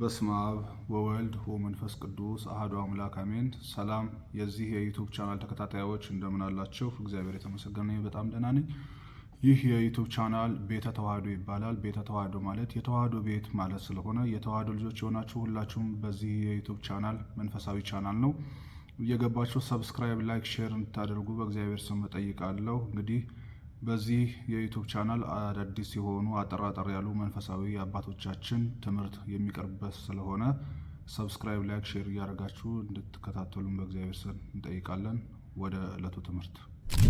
በስመ አብ ወወልድ ወመንፈስ ቅዱስ አህዶ አምላክ አሜን። ሰላም የዚህ የዩቱብ ቻናል ተከታታዮች እንደምን አላችሁ? እግዚአብሔር የተመሰገነ በጣም ደህና ነኝ። ይህ የዩቱብ ቻናል ቤተ ተዋህዶ ይባላል። ቤተ ተዋህዶ ማለት የተዋህዶ ቤት ማለት ስለሆነ የተዋህዶ ልጆች የሆናችሁ ሁላችሁም በዚህ የዩቱብ ቻናል መንፈሳዊ ቻናል ነው እየገባችሁ ሰብስክራይብ፣ ላይክ፣ ሼር እንድታደርጉ በእግዚአብሔር ስም እጠይቃለሁ። እንግዲህ በዚህ የዩቱብ ቻናል አዳዲስ የሆኑ አጠራጠር ያሉ መንፈሳዊ አባቶቻችን ትምህርት የሚቀርብበት ስለሆነ ሰብስክራይብ፣ ላይክ፣ ሼር እያደረጋችሁ እንድትከታተሉን በእግዚአብሔር ስም እንጠይቃለን። ወደ ዕለቱ ትምህርት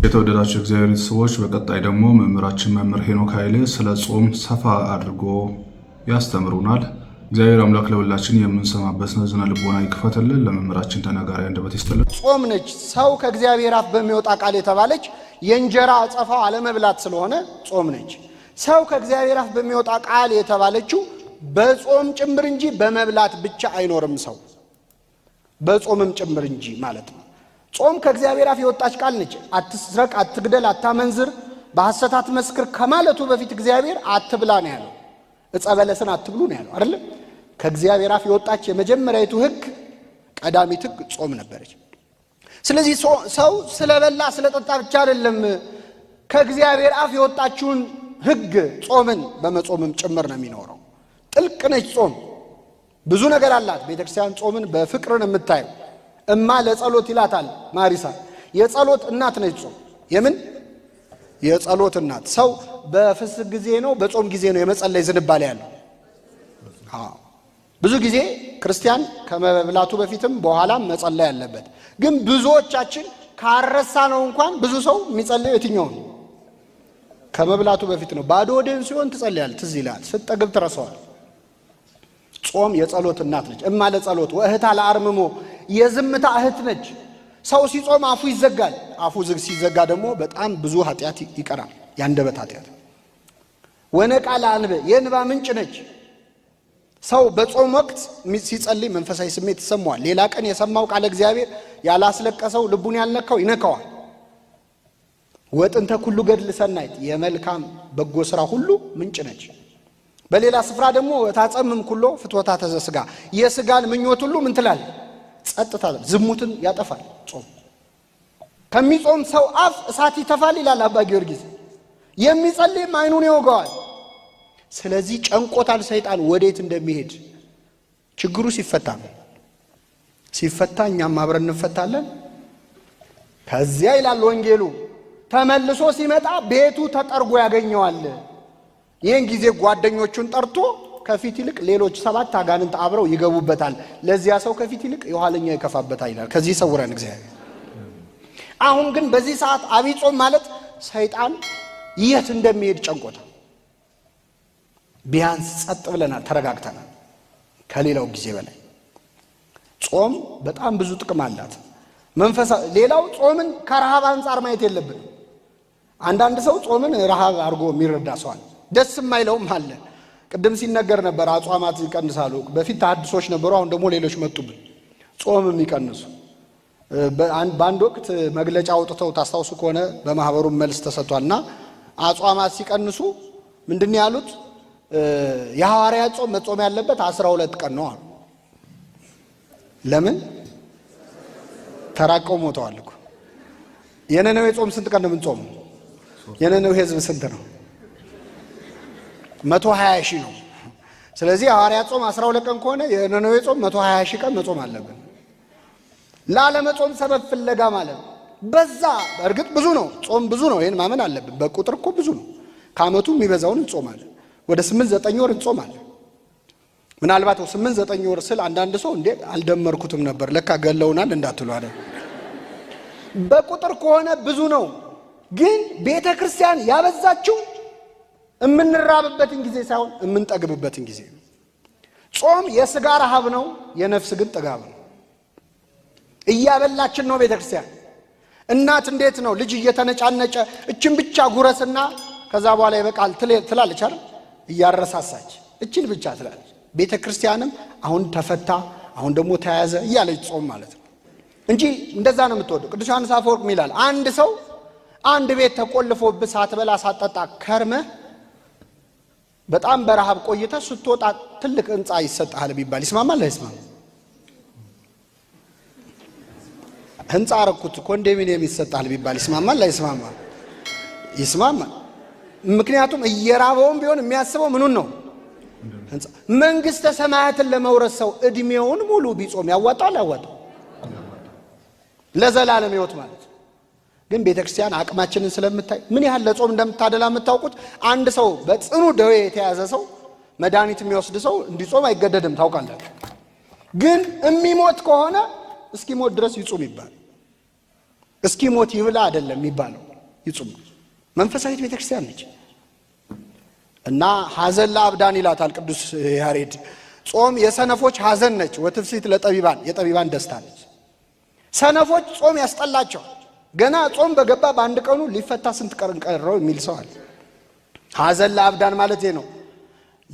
የተወደዳቸው እግዚአብሔር ቤተሰቦች፣ በቀጣይ ደግሞ መምህራችን መምህር ሄኖክ ኃይሌ ስለ ጾም ሰፋ አድርጎ ያስተምሩናል። እግዚአብሔር አምላክ ለሁላችን የምንሰማበት ስነ ልቦና ይክፈትልን። ለመምህራችን ተናጋሪ አንደበት ይስጥልን። ጾም ነች ሰው ከእግዚአብሔር አፍ በሚወጣ ቃል የተባለች የእንጀራ አጸፋው አለመብላት ስለሆነ ጾም ነች። ሰው ከእግዚአብሔር አፍ በሚወጣ ቃል የተባለችው በጾም ጭምር እንጂ በመብላት ብቻ አይኖርም። ሰው በጾምም ጭምር እንጂ ማለት ነው። ጾም ከእግዚአብሔር አፍ የወጣች ቃል ነች። አትስረቅ፣ አትግደል፣ አታመንዝር፣ በሐሰት አትመስክር ከማለቱ በፊት እግዚአብሔር አትብላ ነው ያለው። ዕፀ በለስን አትብሉ ነው ያለው አይደለም። ከእግዚአብሔር አፍ የወጣች የመጀመሪያዊቱ ህግ ቀዳሚት ህግ ጾም ነበረች። ስለዚህ ሰው ስለበላ ስለጠጣ ብቻ አይደለም ከእግዚአብሔር አፍ የወጣችውን ህግ ጾምን በመጾምም ጭምር ነው የሚኖረው። ጥልቅ ነች ጾም፣ ብዙ ነገር አላት ቤተክርስቲያን ጾምን ጾምን በፍቅርን የምታየው እማ ለጸሎት ይላታል ማሪሳ። የጸሎት እናት ነች ጾም። የምን የጸሎት እናት። ሰው በፍስ ጊዜ ነው በጾም ጊዜ ነው የመጸለይ ዝንባሌ ያለው። ብዙ ጊዜ ክርስቲያን ከመብላቱ በፊትም በኋላም መጸለይ አለበት። ግን ብዙዎቻችን ካረሳ ነው እንኳን ብዙ ሰው የትኛው ነው ከመብላቱ በፊት ነው። ባዶ ወደን ሲሆን ትጸልያል፣ ትዝ ይላል። ስጠግብ ትረሰዋል ጾም የጸሎት እናት ነች። እማ ለጸሎት ወእህታ ለአርምሞ የዝምታ እህት ነች። ሰው ሲጾም አፉ ይዘጋል። አፉ ሲዘጋ ደግሞ በጣም ብዙ ኃጢአት ይቀራል። ያንደበት ኃጢአት ወነቃ ለአንበ የእንባ ምንጭ ነች። ሰው በጾም ወቅት ሲጸልይ መንፈሳዊ ስሜት ይሰማዋል። ሌላ ቀን የሰማው ቃለ እግዚአብሔር ያላስለቀሰው ልቡን ያልነካው ይነካዋል። ወጥንተ ኩሉ ገድል ሰናይት የመልካም በጎ ስራ ሁሉ ምንጭ ነች። በሌላ ስፍራ ደግሞ ታጸምም ኩሎ ፍትወታ ስጋ የስጋን ምኞት ሁሉ ምን ትላል? ጸጥታ ዝሙትን ያጠፋል። ጾም ከሚጾም ሰው አፍ እሳት ይተፋል ይላል አባ ጊዮርጊስ። የሚጸልይም አይኑን ይወገዋል። ስለዚህ ጨንቆታል ሰይጣን ወዴት እንደሚሄድ ችግሩ ሲፈታ ነው። ሲፈታ እኛም አብረን እንፈታለን። ከዚያ ይላል ወንጌሉ ተመልሶ ሲመጣ ቤቱ ተጠርጎ ያገኘዋል። ይህን ጊዜ ጓደኞቹን ጠርቶ ከፊት ይልቅ ሌሎች ሰባት አጋንንት አብረው ይገቡበታል። ለዚያ ሰው ከፊት ይልቅ የኋለኛው ይከፋበታል ይላል። ከዚህ ሰውረን እግዚአብሔር። አሁን ግን በዚህ ሰዓት አብይ ጾም ማለት ሰይጣን የት እንደሚሄድ ጨንቆታል። ቢያንስ ጸጥ ብለናል፣ ተረጋግተናል ከሌላው ጊዜ በላይ። ጾም በጣም ብዙ ጥቅም አላት። መንፈሳ ሌላው ጾምን ከረሃብ አንጻር ማየት የለብንም። አንዳንድ ሰው ጾምን ረሃብ አድርጎ የሚረዳ ሰዋል፣ ደስ የማይለውም አለ። ቅድም ሲነገር ነበር አጽማት ይቀንሳሉ። በፊት ተሐድሶች ነበሩ፣ አሁን ደግሞ ሌሎች መጡብን ጾም የሚቀንሱ በአንድ ወቅት መግለጫ አውጥተው ታስታውሱ ከሆነ በማህበሩ መልስ ተሰጥቷል እና አጽዋማት ሲቀንሱ ምንድን ያሉት የሐዋርያ ጾም መጾም ያለበት አስራ ሁለት ቀን ነው አሉ። ለምን ተራቀው ሞተዋል እኮ። የነነዌ ጾም ስንት ቀን ነው የምንጾመው? የነነዌ ህዝብ ስንት ነው? መቶ ሀያ ሺህ ነው። ስለዚህ የሐዋርያ ጾም አስራ ሁለት ቀን ከሆነ የነነዌ ጾም መቶ ሀያ ሺህ ቀን መጾም አለብን። ላለመጾም ሰበብ ፍለጋ ማለት ነው። በዛ እርግጥ ብዙ ነው ጾም ብዙ ነው። ይህን ማመን አለብን። በቁጥር እኮ ብዙ ነው። ከአመቱ የሚበዛውን እንጾማለን። ወደ ስምንት ዘጠኝ ወር እንጾማለን። ምናልባት ስምንት ዘጠኝ ወር ስል አንዳንድ ሰው እንዴ አልደመርኩትም ነበር ለካ ገለውናል እንዳትሉ አለ። በቁጥር ከሆነ ብዙ ነው፣ ግን ቤተ ክርስቲያን ያበዛችው የምንራብበትን ጊዜ ሳይሆን የምንጠግብበትን ጊዜ ነው። ጾም የስጋ ረሃብ ነው፣ የነፍስ ግን ጥጋብ ነው። እያበላችን ነው ቤተ ክርስቲያን። እናት እንዴት ነው ልጅ እየተነጫነጨ እችን ብቻ ጉረስና ከዛ በኋላ ይበቃል ትላለች አይደል? እያረሳሳች እችን ብቻ ትላለች። ቤተ ክርስቲያንም አሁን ተፈታ፣ አሁን ደግሞ ተያያዘ እያለች ጾም ማለት ነው እንጂ እንደዛ ነው የምትወደው። ቅዱስ ዮሐንስ አፈወርቅ ይላል አንድ ሰው አንድ ቤት ተቆልፎብህ ሳትበላ ሳትጠጣ ከርመ በጣም በረሃብ ቆይተ ስትወጣ ትልቅ ህንፃ ይሰጥሃል ቢባል ይስማማል? አይስማም? ህንፃ አረኩት ኮንዶሚኒየም ይሰጥሃል ቢባል ይስማማል? አይስማማል? ይስማማል። ምክንያቱም እየራበውም ቢሆን የሚያስበው ምኑን ነው? መንግስተ ሰማያትን ለመውረስ ሰው እድሜውን ሙሉ ቢጾም ያዋጣል። ያዋጣ ለዘላለም ህይወት ማለት ግን ቤተ ክርስቲያን አቅማችንን ስለምታይ ምን ያህል ለጾም እንደምታደላ የምታውቁት። አንድ ሰው በጽኑ ደዌ የተያዘ ሰው መድኃኒት የሚወስድ ሰው እንዲጾም አይገደድም፣ ታውቃላችሁ። ግን የሚሞት ከሆነ እስኪሞት ድረስ ይጹም ይባል። እስኪሞት ይብላ አይደለም የሚባለው ይጹም መንፈሳዊት ቤተ ክርስቲያን ነች እና ሀዘን ለአብዳን ይላታል ቅዱስ ያሬድ። ጾም የሰነፎች ሀዘን ነች፣ ወትፍሲት ለጠቢባን የጠቢባን ደስታ ነች። ሰነፎች ጾም ያስጠላቸው ገና ጾም በገባ በአንድ ቀኑ ሊፈታ ስንት ቀን ቀረው የሚል ሰዋል ሀዘን ለአብዳን ማለት ነው፣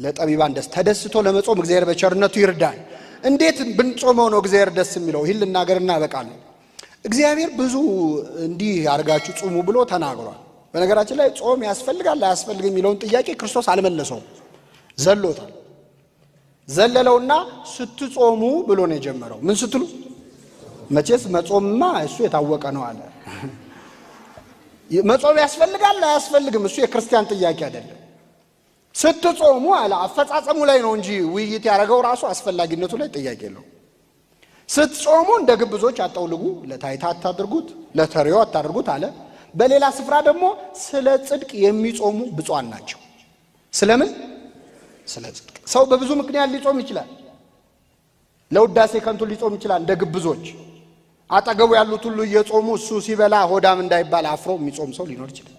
ለጠቢባን ደስ ተደስቶ ለመጾም እግዚአብሔር በቸርነቱ ይርዳል። እንዴት ብንጾመው ነው እግዚአብሔር ደስ የሚለው? ይህን ልናገር እናበቃለን። እግዚአብሔር ብዙ እንዲህ አድርጋችሁ ጹሙ ብሎ ተናግሯል። በነገራችን ላይ ጾም ያስፈልጋል አያስፈልግ የሚለውን ጥያቄ ክርስቶስ አልመለሰውም፣ ዘሎታል። ዘለለውና ስትጾሙ ብሎ ነው የጀመረው። ምን ስትሉ መቼስ መጾምማ እሱ የታወቀ ነው አለ። መጾም ያስፈልጋል አያስፈልግም፣ እሱ የክርስቲያን ጥያቄ አይደለም። ስትጾሙ አለ። አፈጻጸሙ ላይ ነው እንጂ ውይይት ያደረገው ራሱ አስፈላጊነቱ ላይ ጥያቄ ነው። ስትጾሙ እንደ ግብዞች አጠውልጉ፣ ለታይታ አታድርጉት፣ ለተሪዮ አታድርጉት አለ። በሌላ ስፍራ ደግሞ ስለ ጽድቅ የሚጾሙ ብፁዓን ናቸው። ስለምን? ስለ ጽድቅ። ሰው በብዙ ምክንያት ሊጾም ይችላል። ለውዳሴ ከንቱ ሊጾም ይችላል። እንደ ግብዞች አጠገቡ ያሉት ሁሉ እየጾሙ እሱ ሲበላ ሆዳም እንዳይባል አፍሮ የሚጾም ሰው ሊኖር ይችላል።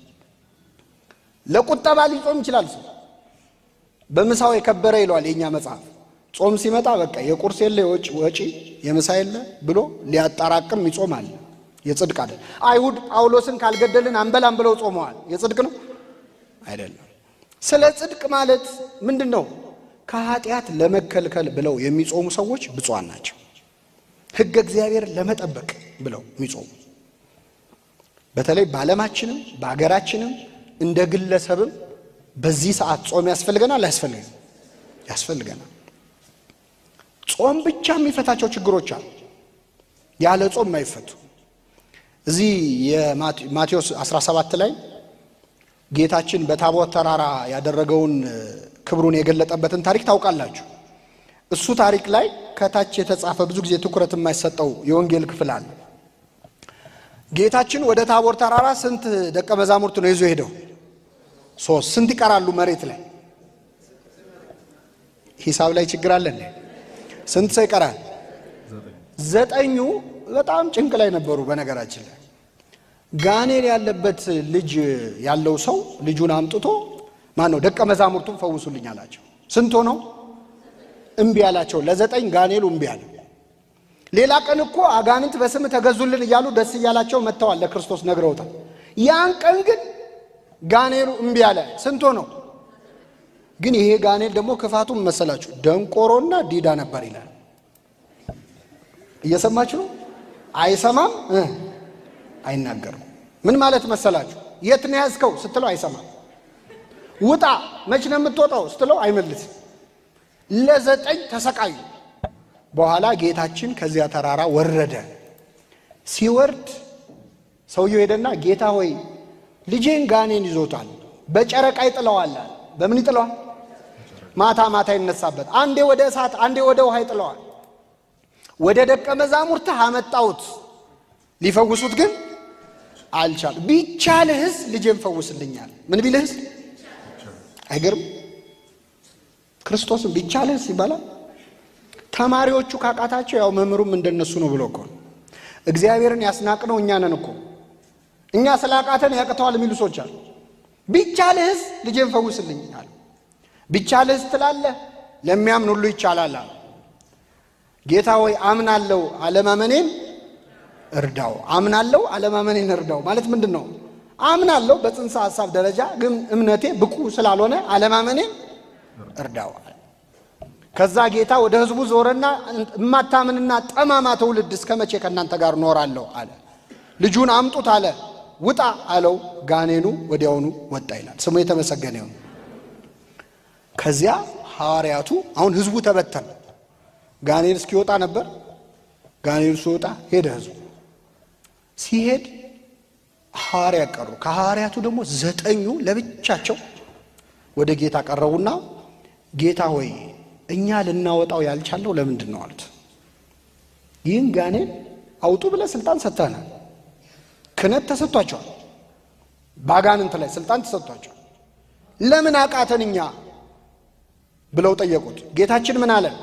ለቁጠባ ሊጾም ይችላል። ሰው በምሳው የከበረ ይለዋል የእኛ መጽሐፍ። ጾም ሲመጣ በቃ የቁርስ የለ፣ የወጪ ወጪ፣ የምሳ የለ ብሎ ሊያጠራቅም ይጾም አለ። የጽድቅ አይደል። አይሁድ ጳውሎስን ካልገደልን አንበላም ብለው ጾመዋል። የጽድቅ ነው አይደለም። ስለ ጽድቅ ማለት ምንድን ነው? ከኃጢአት ለመከልከል ብለው የሚጾሙ ሰዎች ብፁዓን ናቸው። ሕገ እግዚአብሔር ለመጠበቅ ብለው የሚጾሙ በተለይ በዓለማችንም በአገራችንም እንደ ግለሰብም በዚህ ሰዓት ጾም ያስፈልገናል ያስፈልገናል ያስፈልገናል። ጾም ብቻ የሚፈታቸው ችግሮች አሉ፣ ያለ ጾም የማይፈቱ እዚህ የማቴዎስ 17 ላይ ጌታችን በታቦት ተራራ ያደረገውን ክብሩን የገለጠበትን ታሪክ ታውቃላችሁ። እሱ ታሪክ ላይ ከታች የተጻፈ ብዙ ጊዜ ትኩረት የማይሰጠው የወንጌል ክፍል አለ። ጌታችን ወደ ታቦር ተራራ ስንት ደቀ መዛሙርት ነው ይዞ ሄደው? ሶስት። ስንት ይቀራሉ? መሬት ላይ ሂሳብ ላይ ችግር አለን። ስንት ሰው ይቀራል? ዘጠኙ በጣም ጭንቅ ላይ ነበሩ። በነገራችን ላይ ጋኔል ያለበት ልጅ ያለው ሰው ልጁን አምጥቶ ማን ነው ደቀ መዛሙርቱን ፈውሱልኝ አላቸው። ስንቶ ነው እምቢ አላቸው? ለዘጠኝ ጋኔሉ እምቢ አለ። ሌላ ቀን እኮ አጋንንት በስም ተገዙልን እያሉ ደስ እያላቸው መጥተዋል፣ ለክርስቶስ ነግረውታል። ያን ቀን ግን ጋኔሉ እምቢ አለ። ስንቶ ነው ግን ይሄ ጋኔል ደግሞ ክፋቱን መሰላችሁ፣ ደንቆሮና ዲዳ ነበር ይላል። እየሰማችሁ ነው። አይሰማም፣ አይናገርም። ምን ማለት መሰላችሁ? የት ነው ያዝከው ስትለው አይሰማም። ውጣ፣ መች ነው የምትወጣው ስትለው አይመልስም። ለዘጠኝ ተሰቃዩ። በኋላ ጌታችን ከዚያ ተራራ ወረደ። ሲወርድ ሰውየው ሄደና ጌታ ሆይ ልጄን ጋኔን ይዞታል፣ በጨረቃ ይጥለዋል። በምን ይጥለዋል? ማታ ማታ ይነሳበት፣ አንዴ ወደ እሳት አንዴ ወደ ውሃ ይጥለዋል። ወደ ደቀ መዛሙርት አመጣሁት፣ ሊፈውሱት ግን አልቻሉ። ቢቻልህስ ልጄን ፈውስልኛል። ምን ቢልህስ? አይገርም። ክርስቶስም ቢቻልህስ ይባላል። ተማሪዎቹ ካቃታቸው ያው መምህሩም እንደነሱ ነው ብሎ እኮ እግዚአብሔርን ያስናቅነው እኛ ነን እኮ። እኛ ስለ አቃተን ያቅተዋል የሚሉ ሰዎች አሉ። ቢቻልህስ ልጄን ፈውስልኝ አለ። ቢቻልህስ ትላለህ? ለሚያምን ሁሉ ይቻላል አሉ ጌታ ሆይ አምናለው አለማመኔን እርዳው። አምናለው አለማመኔን እርዳው ማለት ምንድን ነው? አምናለው በጽንሰ ሐሳብ ደረጃ ግን እምነቴ ብቁ ስላልሆነ አለማመኔን እርዳው። ከዛ ጌታ ወደ ህዝቡ ዞረና እማታምንና ጠማማ ትውልድ እስከ መቼ ከእናንተ ጋር ኖራለሁ አለ። ልጁን አምጡት አለ። ውጣ አለው። ጋኔኑ ወዲያውኑ ወጣ ይላል። ስሙ የተመሰገነ ይሁን። ከዚያ ሐዋርያቱ አሁን ህዝቡ ተበተነ። ጋኔል እስኪወጣ ነበር። ጋኔል ሲወጣ ሄደ ህዝቡ። ሲሄድ ሐዋርያት ቀሩ። ከሐዋርያቱ ደግሞ ዘጠኙ ለብቻቸው ወደ ጌታ ቀረቡና ጌታ ሆይ እኛ ልናወጣው ያልቻለው ለምንድን ነው አሉት። ይህን ጋኔል አውጡ ብለ ስልጣን ሰጥተናል። ክነት ተሰጥቷቸዋል። ባጋንንት ላይ ስልጣን ተሰጥቷቸዋል። ለምን አቃተን እኛ ብለው ጠየቁት። ጌታችን ምን አለን?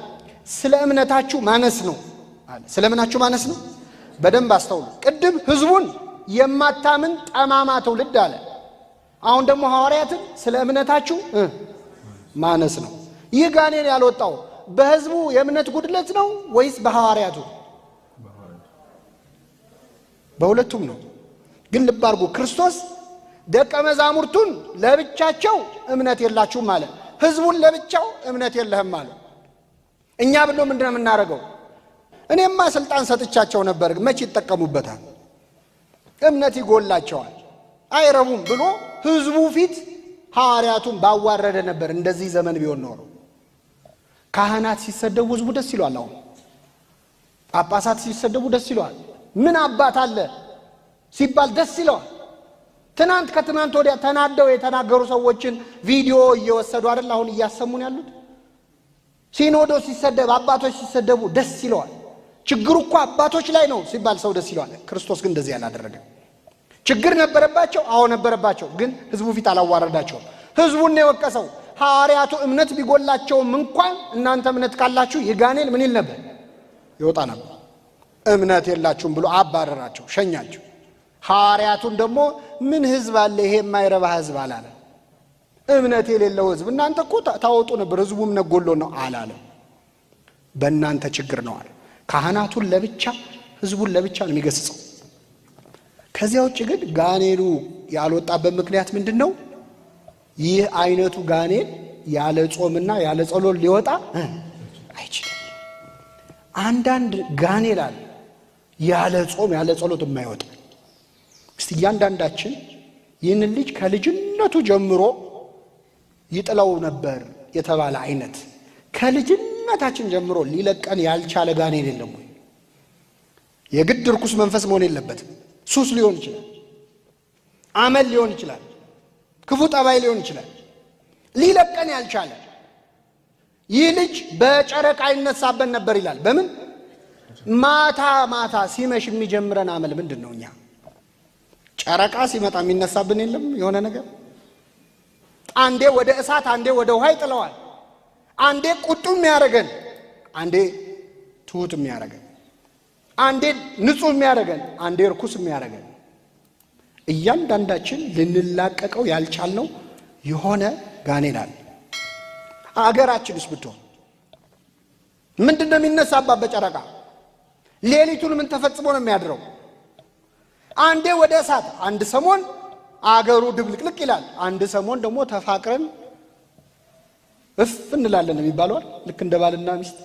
ስለ እምነታችሁ ማነስ ነው አለ። ስለ እምናችሁ ማነስ ነው። በደንብ አስተውሉ። ቅድም ህዝቡን የማታምን ጠማማ ትውልድ አለ። አሁን ደግሞ ሐዋርያትን ስለ እምነታችሁ ማነስ ነው። ይህ ጋኔን ያልወጣው በህዝቡ የእምነት ጉድለት ነው ወይስ በሐዋርያቱ? በሁለቱም ነው። ግን ልብ አድርጉ፣ ክርስቶስ ደቀ መዛሙርቱን ለብቻቸው እምነት የላችሁም አለ። ህዝቡን ለብቻው እምነት የለህም አለ። እኛ ብሎ ምንድነው የምናደርገው? እኔማ ስልጣን ሰጥቻቸው ነበር፣ መቼ ይጠቀሙበታል? እምነት ይጎላቸዋል፣ አይረቡም ብሎ ህዝቡ ፊት ሐዋርያቱን ባዋረደ ነበር። እንደዚህ ዘመን ቢሆን ኖሮ ካህናት ሲሰደቡ ህዝቡ ደስ ይሏል። አሁን ጳጳሳት ሲሰደቡ ደስ ይለዋል። ምን አባት አለ ሲባል ደስ ይለዋል። ትናንት ከትናንት ወዲያ ተናደው የተናገሩ ሰዎችን ቪዲዮ እየወሰዱ አይደል አሁን እያሰሙን ያሉት። ሲኖዶስ ሲሰደብ አባቶች ሲሰደቡ ደስ ይለዋል። ችግሩ እኮ አባቶች ላይ ነው ሲባል ሰው ደስ ይለዋል። ክርስቶስ ግን እንደዚህ አላደረገ። ችግር ነበረባቸው? አዎ ነበረባቸው። ግን ህዝቡ ፊት አላዋረዳቸውም። ህዝቡን የወቀሰው። ሐዋርያቱ እምነት ቢጎላቸውም እንኳን እናንተ እምነት ካላችሁ የጋኔል ምን ይል ነበር? ይወጣ ነበር። እምነት የላችሁም ብሎ አባረራቸው፣ ሸኛቸው። ሐዋርያቱን ደግሞ ምን ህዝብ አለ ይሄ የማይረባ ህዝብ አላለ። እምነት የሌለው ህዝብ እናንተ እኮ ታወጡ ነበር፣ ህዝቡም ነጎሎ ነው አላለም። በእናንተ ችግር ነው አለ። ካህናቱን ለብቻ ህዝቡን ለብቻ ነው የሚገስጸው። ከዚያ ውጭ ግን ጋኔኑ ያልወጣበት ምክንያት ምንድን ነው? ይህ አይነቱ ጋኔን ያለ ጾምና ያለ ጸሎት ሊወጣ አይችልም። አንዳንድ ጋኔን አለ ያለ ጾም ያለ ጸሎት የማይወጣ እስቲ እያንዳንዳችን ይህንን ልጅ ከልጅነቱ ጀምሮ ይጥለው ነበር የተባለ አይነት ከልጅነታችን ጀምሮ ሊለቀን ያልቻለ ጋኔን የለም ወይ? የግድ ርኩስ መንፈስ መሆን የለበትም። ሱስ ሊሆን ይችላል፣ አመል ሊሆን ይችላል፣ ክፉ ጠባይ ሊሆን ይችላል። ሊለቀን ያልቻለ ይህ ልጅ በጨረቃ ይነሳበን ነበር ይላል። በምን ማታ ማታ ሲመሽ የሚጀምረን አመል ምንድን ነው? እኛ ጨረቃ ሲመጣ የሚነሳብን የለም የሆነ ነገር አንዴ ወደ እሳት፣ አንዴ ወደ ውሃ ይጥለዋል። አንዴ ቁጡ የሚያደርገን፣ አንዴ ትሑት የሚያደርገን፣ አንዴ ንጹህ የሚያደርገን፣ አንዴ እርኩስ የሚያደርገን። እያንዳንዳችን ልንላቀቀው ያልቻልነው የሆነ ጋኔን አለ። አገራችንስ ብትሆን ምንድን ነው የሚነሳባት? በጨረቃ ሌሊቱን ምን ተፈጽሞ ነው የሚያድረው? አንዴ ወደ እሳት አንድ ሰሞን አገሩ ድብልቅልቅ ይላል። አንድ ሰሞን ደግሞ ተፋቅረን እፍ እንላለን የሚባለዋል። ልክ እንደ ባልና ሚስት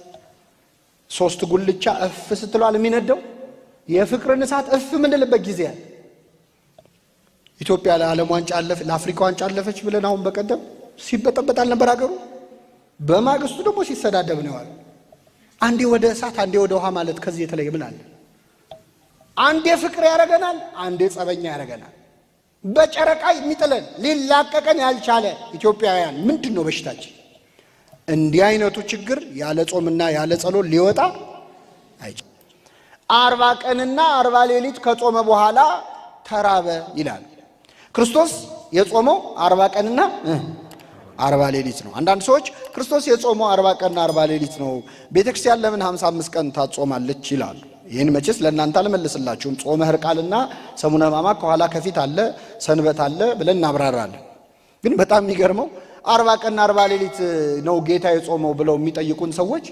ሶስት ጉልቻ እፍ ስትሏል የሚነደው የፍቅርን እሳት እፍ የምንልበት ጊዜ ያለ። ኢትዮጵያ ለዓለም ዋንጫ አለፈች፣ ለአፍሪካ ዋንጫ አለፈች ብለን አሁን በቀደም ሲበጠበጣል ነበር አገሩ። በማግስቱ ደግሞ ሲሰዳደብ ነው የዋለው። አንዴ ወደ እሳት አንዴ ወደ ውሃ ማለት ከዚህ የተለየ ምን አለ? አንዴ ፍቅር ያደርገናል፣ አንዴ ጸበኛ ያደርገናል። በጨረቃ የሚጥለን ሊላቀቀን ያልቻለ ኢትዮጵያውያን ምንድን ነው በሽታችን? እንዲህ አይነቱ ችግር ያለ ጾምና ያለ ጸሎት ሊወጣ አይችልም። አርባ ቀንና አርባ ሌሊት ከጾመ በኋላ ተራበ ይላል። ክርስቶስ የጾመው አርባ ቀንና አርባ ሌሊት ነው። አንዳንድ ሰዎች ክርስቶስ የጾመው አርባ ቀንና አርባ ሌሊት ነው፣ ቤተክርስቲያን ለምን ሀምሳ አምስት ቀን ታጾማለች ይላሉ። ይህን መቼስ ለእናንተ አልመልስላችሁም። ጾመ ሕርቃልና ሰሙነ ሕማማት ከኋላ ከፊት አለ፣ ሰንበት አለ ብለን እናብራራለን። ግን በጣም የሚገርመው አርባ ቀንና አርባ ሌሊት ነው ጌታ የጾመው ብለው የሚጠይቁን ሰዎች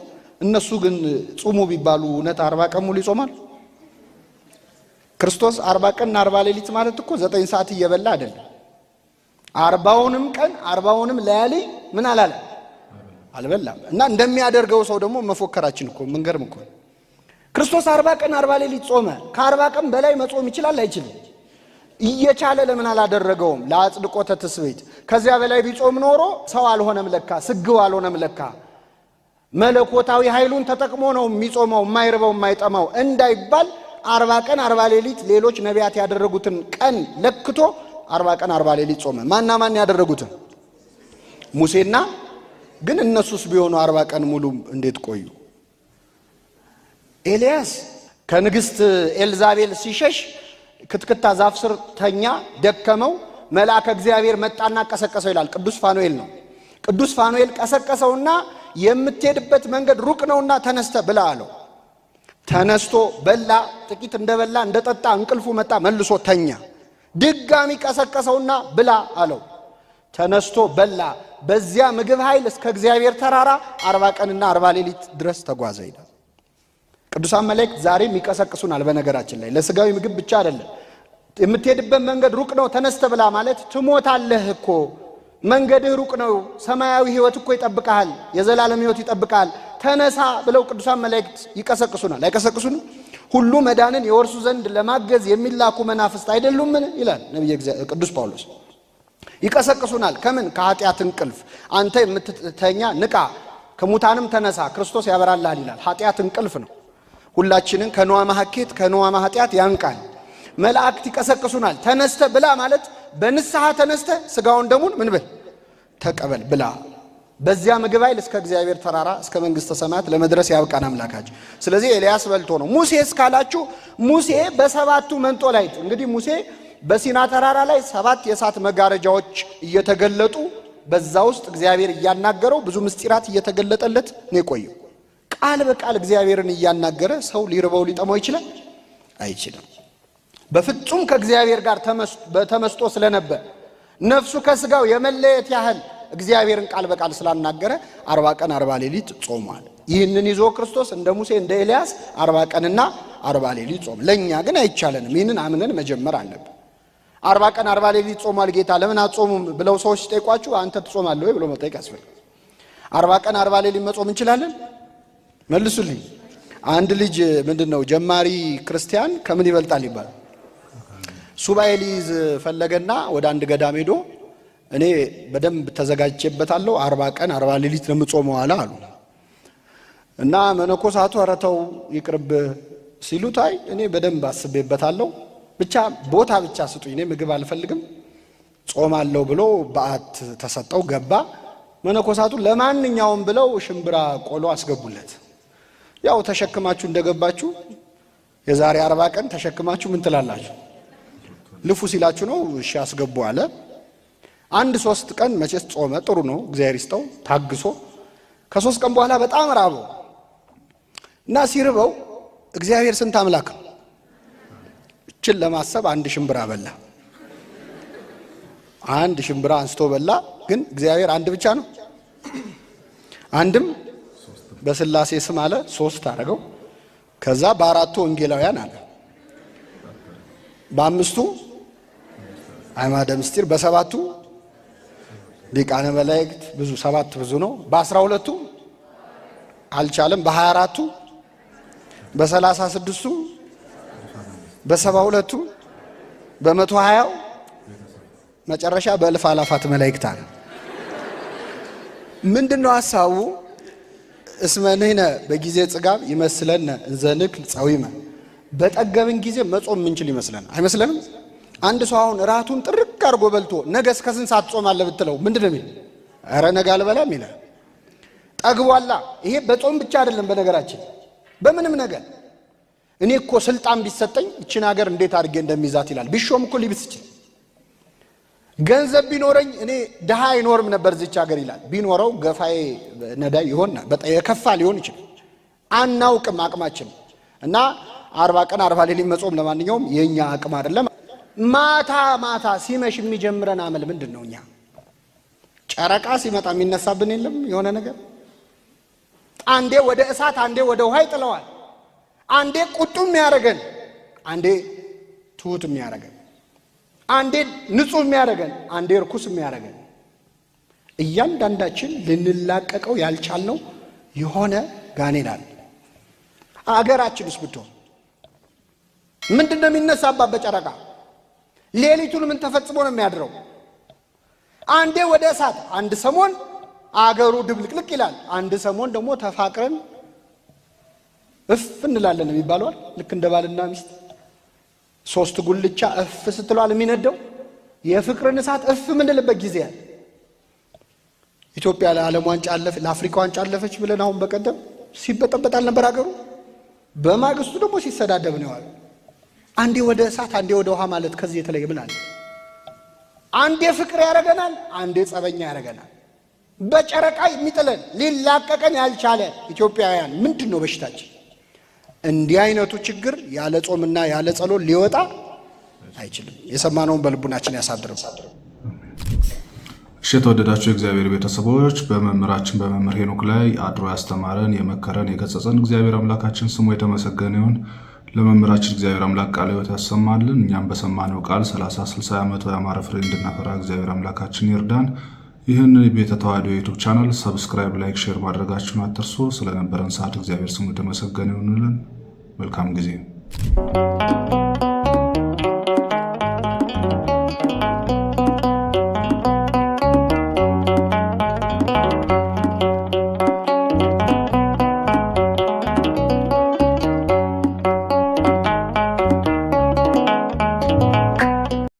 እነሱ ግን ጹሙ ቢባሉ እውነት አርባ ቀን ሙሉ ይጾማል? ክርስቶስ አርባ ቀንና አርባ ሌሊት ማለት እኮ ዘጠኝ ሰዓት እየበላ አይደለም። አርባውንም ቀን አርባውንም ለያሌ ምን አላለ አልበላም። እና እንደሚያደርገው ሰው ደግሞ መፎከራችን እኮ ምንገርም እኮ ክርስቶስ አርባ ቀን አርባ ሌሊት ጾመ። ከአርባ ቀን በላይ መጾም ይችላል አይችልም? እየቻለ ለምን አላደረገውም? ለአጽድቆ ትስብእት። ከዚያ በላይ ቢጾም ኖሮ ሰው አልሆነም ለካ፣ ስግው አልሆነም ለካ። መለኮታዊ ኃይሉን ተጠቅሞ ነው የሚጾመው፣ የማይርበው የማይጠማው እንዳይባል አርባ ቀን አርባ ሌሊት ሌሎች ነቢያት ያደረጉትን ቀን ለክቶ አርባ ቀን አርባ ሌሊት ጾመ። ማና ማን ያደረጉትን? ሙሴና ግን እነሱስ ቢሆኑ አርባ ቀን ሙሉ እንዴት ቆዩ? ኤልያስ ከንግሥት ኤልዛቤል ሲሸሽ ክትክታ ዛፍ ስር ተኛ፣ ደከመው። መልአከ እግዚአብሔር መጣና ቀሰቀሰው ይላል። ቅዱስ ፋኑኤል ነው። ቅዱስ ፋኑኤል ቀሰቀሰውና የምትሄድበት መንገድ ሩቅ ነውና ተነስተ ብላ አለው። ተነስቶ በላ። ጥቂት እንደበላ እንደጠጣ እንቅልፉ መጣ። መልሶ ተኛ። ድጋሚ ቀሰቀሰውና ብላ አለው። ተነስቶ በላ። በዚያ ምግብ ኃይል እስከ እግዚአብሔር ተራራ አርባ ቀንና አርባ ሌሊት ድረስ ተጓዘ ይላል። ቅዱሳን መላእክት ዛሬም ይቀሰቅሱናል። በነገራችን ላይ ለስጋዊ ምግብ ብቻ አይደለም። የምትሄድበት መንገድ ሩቅ ነው፣ ተነስተ ብላ ማለት ትሞታለህ እኮ መንገድህ ሩቅ ነው፣ ሰማያዊ ህይወት እኮ ይጠብቃል፣ የዘላለም ህይወት ይጠብቃል፣ ተነሳ ብለው ቅዱሳን መላእክት ይቀሰቅሱናል። አይቀሰቅሱንም? ሁሉ መዳንን የወርሱ ዘንድ ለማገዝ የሚላኩ መናፍስት አይደሉምን? ይላል ነቢይ ቅዱስ ጳውሎስ። ይቀሰቅሱናል። ከምን? ከኃጢአት እንቅልፍ። አንተ የምትተኛ ንቃ፣ ከሙታንም ተነሳ፣ ክርስቶስ ያበራልሃል ይላል። ኃጢአት እንቅልፍ ነው። ሁላችንን ከነዋ ማሐኬት ከነዋ ማኃጢአት ያንቃል። መላእክት ይቀሰቅሱናል። ተነስተ ብላ ማለት በንስሐ ተነስተ ስጋውን ደሙን ምን ብል ተቀበል ብላ በዚያ ምግብ ኃይል እስከ እግዚአብሔር ተራራ እስከ መንግሥተ ሰማያት ለመድረስ ያብቃን አምላካችን። ስለዚህ ኤልያስ በልቶ ነው። ሙሴ እስካላችሁ ሙሴ በሰባቱ ላይ እንግዲህ ሙሴ በሲና ተራራ ላይ ሰባት የእሳት መጋረጃዎች እየተገለጡ በዛ ውስጥ እግዚአብሔር እያናገረው ብዙ ምስጢራት እየተገለጠለት ነው የቆየው። ቃል በቃል እግዚአብሔርን እያናገረ ሰው ሊርበው ሊጠማው ይችላል? አይችልም። በፍጹም ከእግዚአብሔር ጋር በተመስጦ ስለነበር ነፍሱ ከስጋው የመለየት ያህል እግዚአብሔርን ቃል በቃል ስላናገረ አርባ ቀን አርባ ሌሊት ጾሟል። ይህንን ይዞ ክርስቶስ እንደ ሙሴ እንደ ኤልያስ አርባ ቀንና አርባ ሌሊት ጾም። ለእኛ ግን አይቻለንም። ይህንን አምነን መጀመር አለብን። አርባ ቀን አርባ ሌሊት ጾሟል ጌታ ለምን አጾሙም ብለው ሰዎች ሲጠይቋችሁ አንተ ትጾማለህ ወይ ብሎ መጠየቅ ያስፈልጋል። አርባ ቀን አርባ ሌሊት መጾም እንችላለን? መልሱልኝ። አንድ ልጅ ምንድን ነው ጀማሪ ክርስቲያን ከምን ይበልጣል ይባላል። ሱባኤ ሊይዝ ፈለገና ወደ አንድ ገዳም ሄዶ እኔ በደንብ ተዘጋጅቼበታለሁ አርባ ቀን አርባ ሌሊት ነው የምጾመው አለ አሉ እና መነኮሳቱ ኧረ ተው ይቅርብ ሲሉት አይ እኔ በደንብ አስቤበታለሁ ብቻ ቦታ ብቻ ስጡኝ እኔ ምግብ አልፈልግም ጾማለሁ ብሎ በዓት ተሰጠው ገባ መነኮሳቱ ለማንኛውም ብለው ሽምብራ ቆሎ አስገቡለት ያው ተሸክማችሁ እንደገባችሁ የዛሬ አርባ ቀን ተሸክማችሁ ምን ትላላችሁ? ልፉ ሲላችሁ ነው። እሺ አስገቡ አለ። አንድ ሶስት ቀን መቼስ ጾመ። ጥሩ ነው፣ እግዚአብሔር ይስጠው ታግሶ። ከሶስት ቀን በኋላ በጣም ራበው እና ሲርበው እግዚአብሔር ስንት አምላክ ነው። እችን ለማሰብ አንድ ሽምብራ በላ። አንድ ሽምብራ አንስቶ በላ። ግን እግዚአብሔር አንድ ብቻ ነው። አንድም በስላሴ ስም አለ ሶስት አረገው። ከዛ በአራቱ ወንጌላውያን አለ በአምስቱ አዕማደ ምስጢር በሰባቱ ሊቃነ መላእክት ብዙ ሰባት ብዙ ነው። በአስራ ሁለቱ አልቻለም። በሀያ አራቱ በሰላሳ ስድስቱ በሰባ ሁለቱ በመቶ ሀያው መጨረሻ በእልፍ አላፋት መላእክት አለ። ምንድን ነው ሀሳቡ? እስመንህነ በጊዜ ጽጋብ ይመስለነ እንዘንክል ጸዊመ በጠገብን ጊዜ መጾም የምንችል ይመስለን አይመስለንም? አንድ ሰው አሁን እራቱን ጥርቅ አድርጎ በልቶ ነገ እስከ ስንት ሰዓት ጾም ብትለው ምንድን ነው የሚል? ኧረ ነገ አልበላም ይላል። ጠግቧላ። ይሄ በጾም ብቻ አይደለም፣ በነገራችን በምንም ነገር። እኔ እኮ ስልጣን ቢሰጠኝ እችን ሀገር እንዴት አድርጌ እንደሚይዛት ይላል። ቢሾም እኮ ሊብስ ይችላል ገንዘብ ቢኖረኝ እኔ ድሃ አይኖርም ነበር እዚች ሀገር ይላል። ቢኖረው ገፋዬ ነዳይ ይሆን የከፋ ሊሆን ይችላል። አናውቅም አቅማችን እና አርባ ቀን አርባ ሌሊት መጾም ለማንኛውም የእኛ አቅም አይደለም። ማታ ማታ ሲመሽ የሚጀምረን አመል ምንድን ነው? እኛ ጨረቃ ሲመጣ የሚነሳብን የለም የሆነ ነገር። አንዴ ወደ እሳት፣ አንዴ ወደ ውሃ ይጥለዋል። አንዴ ቁጡ የሚያደርገን፣ አንዴ ትሁት የሚያደርገን አንዴ ንጹህ የሚያደርገን አንዴ እርኩስ የሚያደርገን እያንዳንዳችን ልንላቀቀው ያልቻልነው የሆነ ጋኔን አለ። አገራችን ውስጥ ብትሆን ምንድን ነው የሚነሳባት? በጨረቃ ሌሊቱን ምን ተፈጽሞ ነው የሚያድረው? አንዴ ወደ እሳት አንድ ሰሞን አገሩ ድብልቅልቅ ይላል። አንድ ሰሞን ደግሞ ተፋቅረን እፍ እንላለን የሚባለዋል። ልክ እንደ ባልና ሚስት ሶስት ጉልቻ እፍ ስትሏል የሚነደው የፍቅርን እሳት እፍ የምንልበት ጊዜ ያለ። ኢትዮጵያ ለዓለም ዋንጫ አለፈች፣ ለአፍሪካ ዋንጫ አለፈች ብለን አሁን በቀደም ሲበጠበጣል ነበር ሀገሩ። በማግስቱ ደግሞ ሲሰዳደብ ነው የዋለው። አንዴ ወደ እሳት አንዴ ወደ ውሃ ማለት ከዚህ የተለየ ምን አለ? አንዴ ፍቅር ያደረገናል፣ አንዴ ጸበኛ ያደረገናል። በጨረቃ የሚጥለን ሊላቀቀን ያልቻለ ኢትዮጵያውያን ምንድን ነው በሽታችን? እንዲህ አይነቱ ችግር ያለ ጾምና ያለ ጸሎት ሊወጣ አይችልም። የሰማነውን በልቡናችን ያሳድርም። እሺ የተወደዳቸው የእግዚአብሔር ቤተሰቦች በመምህራችን በመምህር ሄኖክ ላይ አድሮ ያስተማረን የመከረን የገጸጸን እግዚአብሔር አምላካችን ስሙ የተመሰገነ ይሁን። ለመምህራችን እግዚአብሔር አምላክ ቃለ ሕይወት ያሰማልን። እኛም በሰማነው ቃል 30 60 ዓመቱ ያማረ ፍሬ እንድናፈራ እግዚአብሔር አምላካችን ይርዳን። ይህንን ቤተ ተዋህዶ ዩቱብ ቻናል ሰብስክራይብ፣ ላይክ፣ ሼር ማድረጋችሁን አትርሱ። ስለነበረን ሰዓት እግዚአብሔር ስሙ የተመሰገነ ይሁንልን። መልካም ጊዜ